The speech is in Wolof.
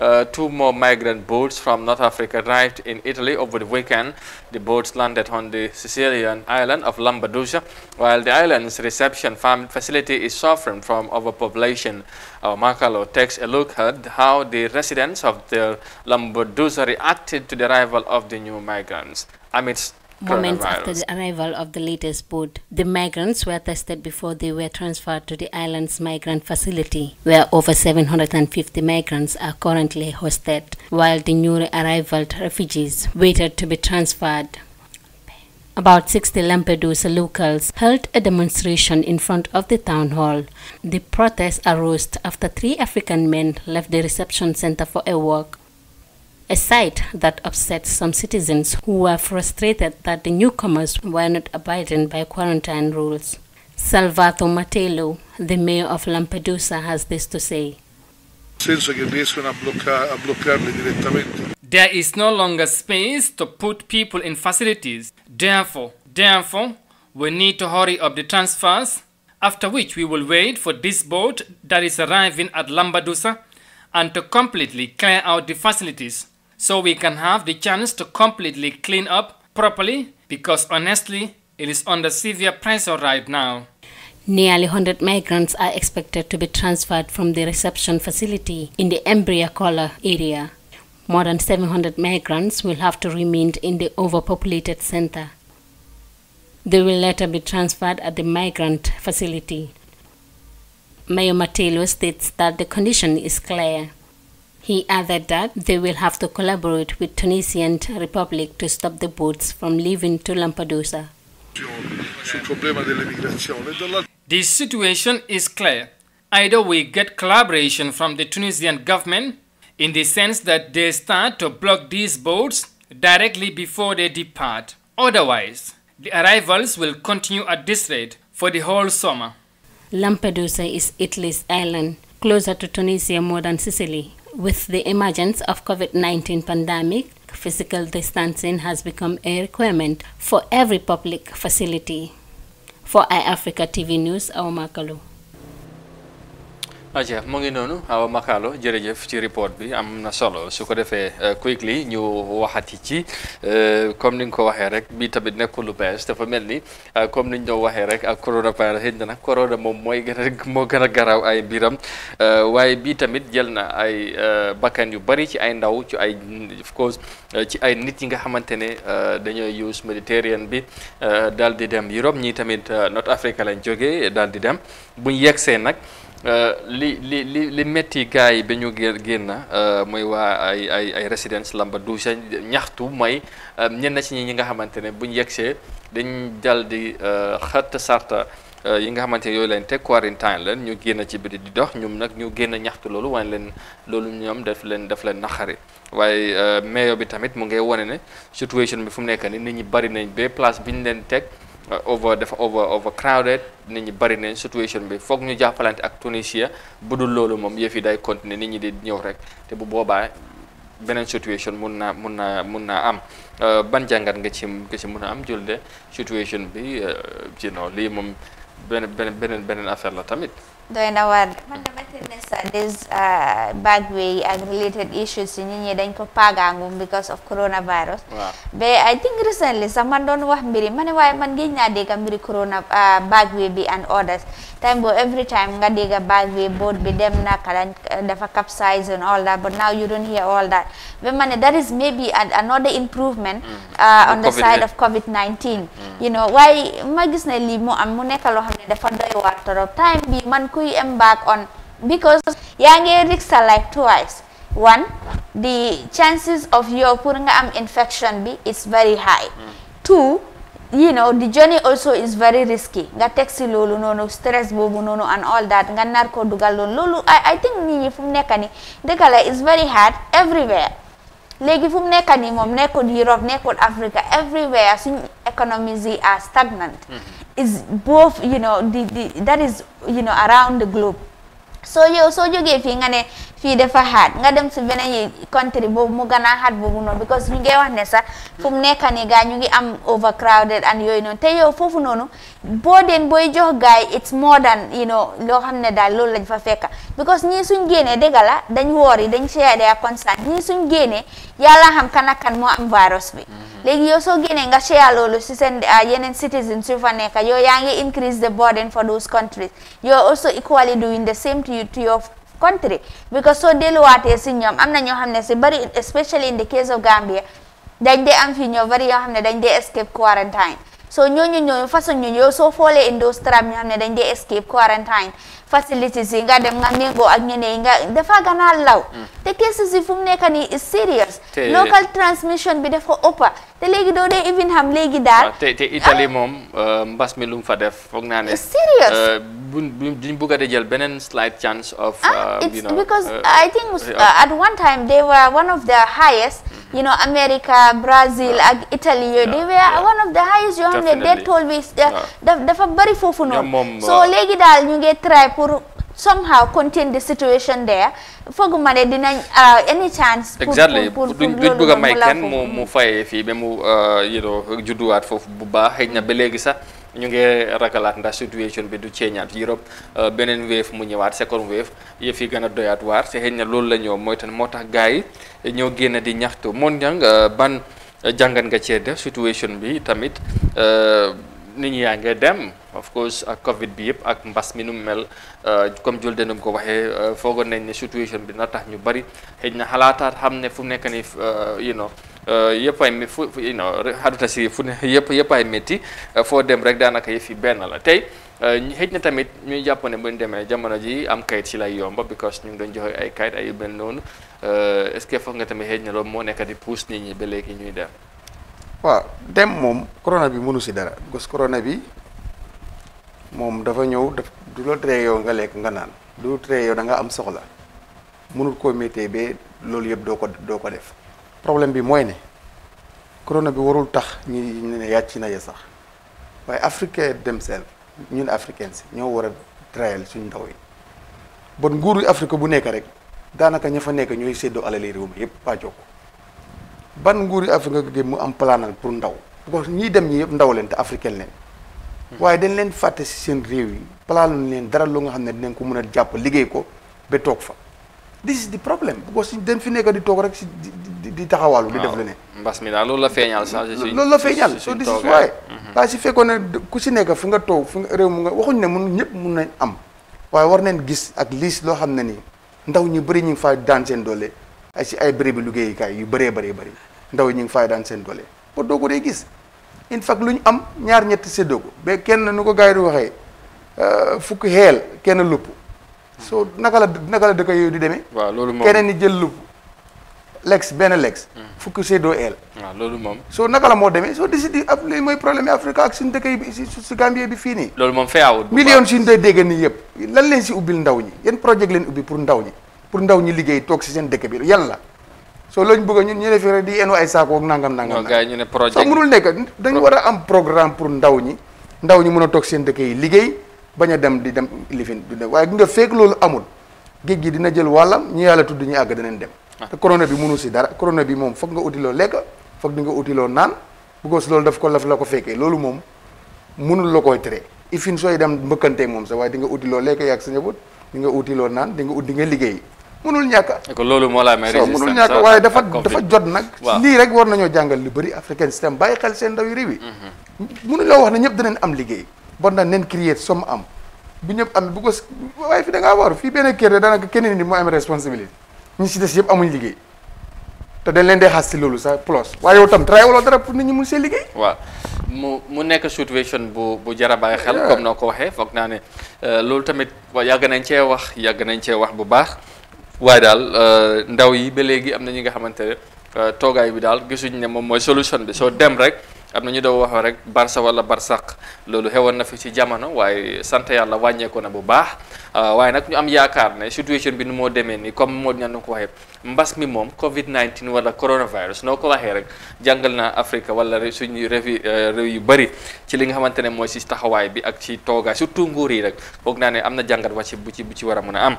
uh, two more migrant boats from North Africa arrived in Italy over the weekend. The boats landed on the Sicilian island of Lampedusa, while the island's reception facility is suffering from overpopulation. Our Makalo takes a look at how the residents of the Lampedusa reacted to the arrival of the new migrants amidst moments after the arrival of the latest boat. The migrants were tested before they were transferred to the island's migrant facility, where over 750 migrants are currently hosted, while the newly arrived refugees waited to be transferred. About 60 Lampedusa locals held a demonstration in front of the town hall. The protest arose after three African men left the reception center for a walk a sight that upset some citizens who were frustrated that the newcomers were not abiding by quarantine rules. Salvato Matelo, the mayor of Lampedusa, has this to say. There is no longer space to put people in facilities. Therefore, therefore, we need to hurry up the transfers, after which we will wait for this boat that is arriving at Lampedusa and to completely clear out the facilities so we can have the chance to completely clean up properly because honestly, it is under severe pressure right now. Nearly 100 migrants are expected to be transferred from the reception facility in the Embriacola area. More than 700 migrants will have to remain in the overpopulated center. They will later be transferred at the migrant facility. Mayor Matelo states that the condition is clear. He added that they will have to collaborate with Tunisian Republic to stop the boats from leaving to Lampedusa. The situation is clear. Either we get collaboration from the Tunisian government in the sense that they start to block these boats directly before they depart. Otherwise, the arrivals will continue at this rate for the whole summer. Lampedusa is Italy's island, closer to Tunisia more than Sicily. With the emergence of COVID-19 pandemic, physical distancing has become a requirement for every public facility. For iAfrica TV News, Aomakalu. aja mu ngi noonu Awa Makalo jërëjëf ci report bi am na solo su ko defee euh, quickly ñu waxati ci euh, comme ni nga ko waxee rek bi tamit nekkul lu bees dafa mel ni euh, comme ni ñu doon waxee rek ak coronavirus xëy na nag corona moom mooy gën moo gën a garaaw ay biram waaye bii tamit jël na ay bakkan yu bari ci ay ndaw ci ay of ci ay nit yi nga xamante ne dañooy use Mediterranean bi daal di dem Europe ñii tamit North Africa lañ jógee daal di dem buñ yegsee nag. Euh, li li li li métti yi ba ñu génn euh, mooy waa ay ay lamba résidence Lambadusa ñaxtu mooy euh, ñenn ci ñi nga xamante ne bu ñu yegsee dañ dal di xatt sarta yi nga xamante ne yooyu leen teg quarantine leen ñu génn ci biti di dox ñoom nag ñu génn ñaxtu loolu waaye leen loolu ñoom daf leen daf leen naxari waaye mayor bi tamit mu ngay wone ne situation bi fu mu nekk ni nit ñi bari nañ ba place bi ñu leen teg. Euh, over dafa over overcrowded nit ñi bari nañ situation bi foog ñu jàppalante ak Tunisia bu dul loolu moom yëf yi day continuer nit ñi di ñëw rek te bu boobaa beneen situation mun naa mun na mun naa am euh, ban jàngat nga ci nga ci mun a am julde situation bi euh, you know lii moom. beneen beneen na waar man dama tënnee sa des euh, bagway yi dañ ko paagaangum because of coronavirus. waaw mais I think recently sax ma ne man géej naa dégg mbiri corona euh, bagway bi and others time boo every time nga dégg bagway boat bi dem na kala dafa capsize and all that but now you don't hear all that is maybe another improvement. Mm. Euh, on the side of COVID mm. you know waaye ma gis ne lii am mu nekk loo xam ne dafa time bi man kuy embark on because yaa ngi risk sa life twice one the chances of yow pour nga am infection bi is very high two you know the journey also is very risky nga teg si loolu noonu stress boobu noonu and all that nga nar ko dugal loolu loolu I think nit ñi fu mu nekk nii dëgg is very hard everywhere léegi fu mu nekk nii moom nekkul Europe nekkul Africa everywhere suñu economies yi are stagnant mm-hmm. is both, you know, the, the, that is, you know, around the globe. So you so you giving and. kii dafa xaat nga dem si beneen country boobu mu gën a xaat boobu noonu because ñu ngi wax ne sax fu mu nekk nii gaa ñu ngi am overcrowded and yooyu noonu te yow foofu noonu boo deen booy jox gaay it's more than you know loo xam ne daal loolu lañ fa fekka because ñii suñ génnee dëgg la dañ woor yi dañ share their concern ñii suñ génnee yàlla xam kan ak kan moo am virus bi mm-hmm. léegi yow soo génnee nga lo loolu si seen ah, yeneen citizens su fa nekk yow yaa ngi increase the burden for those countries you are also country because soo delluwaatee si ñoom am na ñoo xam ne si bari especially in the case of Gambia dañ dee am fi ñoo bari yoo xam ne dañ dee escape quarantine so ñooñu ñooñu façon fa yow soo foolee in those trap ñoo xam ne dañ dee escape quarantine facilities yi nga dem nga méngoo ak ñeneen yi nga dafa gën a law mm. te cases yi serious local transmission bi dafa ëppa te léegi doo dee even xam léegi daal te te Italie ah. moom euh, mbas mi lum fa def foog naa ne serious euh, buñ bugga de jël beneen slight chance of ah, um, you because euh, I think uh, at one time they were one of the highest you know America Brazil ak Italy yooyu they were one of the highest yoo xam ne death toll dafa bari foofu noonu so uh, léegi daal ñu ngi try pour somehow contain the situation there foogu ma ne dinañ uh, any chance. exactly duñ bëgg a may kenn mu mu fayee fii ba mu uh, yéen judduwaat foofu bu baax xëy na ba léegi sax. ñu ngi ragalaat ndax situation bi du ceeñaat Europe euh, beneen wave mu ñëwaat second wave yëf yi gën a doyaat waar te xëy na loolu la ñëw mooy tan moo tax gars yi ñoo génn di ñaxtu moon njàng euh, ban jàngat nga cee def situation bi tamit euh, nit ñi yaa ngi dem of course ak covid bi yëpp ak mbas mi nu mel comme jul denum ko waxee foogoon nañ ne situation bi na tax ñu bari xëy na xalaataat xam ne fu mu nekk nii you know yëpp ay fu you know aduna si fu ne yëpp yëpp ay métti foo dem rek eh, daanaka yëf yi benn la tey xëj na tamit ñuy jàpp ne bu ñu demee jamono ji am kayit si lay yomba because ñu ngi doon joxe ay kayit ay yu mel noonu eh, est-ce que foog nga tamit xëj na loolu moo nekk di pousse nit ñi ba léegi ñuy dem. waaw dem moom corona bi mënu si dara parce que corona bi moom dafa ñëw daf du la tere yow nga lekk nga naan du tere yow da nga am soxla mënul koo méttee ba loolu yëpp doo ko doo ko def. problème bi mooy ne corona bi warul tax ñu ne yàcc na ya sax waaye africain dem seen ñun africain si ñoo war a trayal suñu ndaw yi bon nguuru Afrique bu nekk rek daanaka ña fa nekk ñooy séddoo alali réew mi yëpp pàccoo ko ban nguuru Afrique nga mu am planal pour ndaw parce que dem ñi yëpp ndaw leen te africain leen waaye dañ leen fàtte si seen réew yi palaanuñ leen dara lu nga xam ne dinañ ko mën a jàpp liggéey ko ba toog fa this is the problem because dañ fi nekk di tok rek di di taxawaalu. di def lene mbass mi da loolu la feeñal sax. loolu la feñal so this is why. ba mhm. ci fekkone ku ci nekk fu nga tok fu rew mu nga waxuñ ne mun ñepp mun nañ am waaye war nañ gis ak liis lo xamne ni ndaw ñu bari ñu ngi fay daan seen doole ay si ay bérébi kay yu bari bari bari ndaw ñu ngi fay daan seen doole ba doo gis in fact luñ am ñaar ñetti ci dogu be kenn nuko gayru waxe euh di waxee euh, kenn lupp so naka la naka la dëkk yooyu di demee. loolu moom keneen ni jël lu lex benn lex. fukki seddoo eel. waaw loolu moom. soo naka la moo demee soo décidé ab lii mooy problème yi Afrique ak suñu dëkk yi si si bi fii nii. loolu moom feeawut. million suñu doy nii yëpp lan leen si ubbil ndaw ñi yan projet leen ubbi pour ndaw ñi pour ndaw ñi liggéey toog si seen dëkk bi yan la soo lañ bëgg ñun ñu ne fii rek di enu ay saako ak nangam nangam. gars ñu ne projet mënul nekk dañu war a am programme pour ndaw ñi ndaw ñi mën a toog seen dëkk yi liggéey baña dem di dem lifin du way nga fek lolu amul najel gi dina jël walam ñi yalla tuddu ñu ag dañen dem ah. te corona bi mënu ci dara corona bi mom foog nga outil lo lek di nga lo nan bu ko lolu daf ko laf la ko fekkee lolu mom mënul la koy téré ifin soy dem mbeukante mom sa way di nga lo lek yak sa njaboot di nga lo nan di nga ut nga liggéey mënul ñaka ko lolu mo la amee résistance mënul ñaka way dafa dafa jot nak li rek war nañu jàngal lu bari african système baye xel sen ndaw yu rewi mm-hmm. mënul la wax na dañen am liggéey bon na nen create som am bu ñep am bu ko way fi da nga war fi ben kër naka kenn ni mo am responsabilité ñi ci dess yëpp amuñ liggéey te dañ leen dee xass ci lolu sa plus way yow tam travail wala dara pour nit ñi mu see liggéey wa mu mu nekk situation bu bu jara a xel comme noko ko fokk na naa ne euh, loolu tamit yag nañ ci wax yag nañ ci wax bu baax waaye daal euh, ndaw yi ba légui am na ñi nga xamante euh, toogaay bi dal gisuñ ne mom moy solution bi so dem rek am na ñu doon wax rek barsa wala barsaq loolu xewoon na fi ci jamono waaye sant yàlla wàññeeku na bu baax ah, waaye nag ñu am yaakaar ne situation bi nu moo demee nii comme moo ñu ko waxee mbas mi moom Covid 19 wala coronavirus noo ko waxee rek jàngal na Afrique wala suñu réew euh, yu bëri ci li nga xamante ne mooy si taxawaay bi ak ci toogaay surtout nguur yi rek foog naa ne am na jàngat wa ci bu ci bu ci war a mën a am.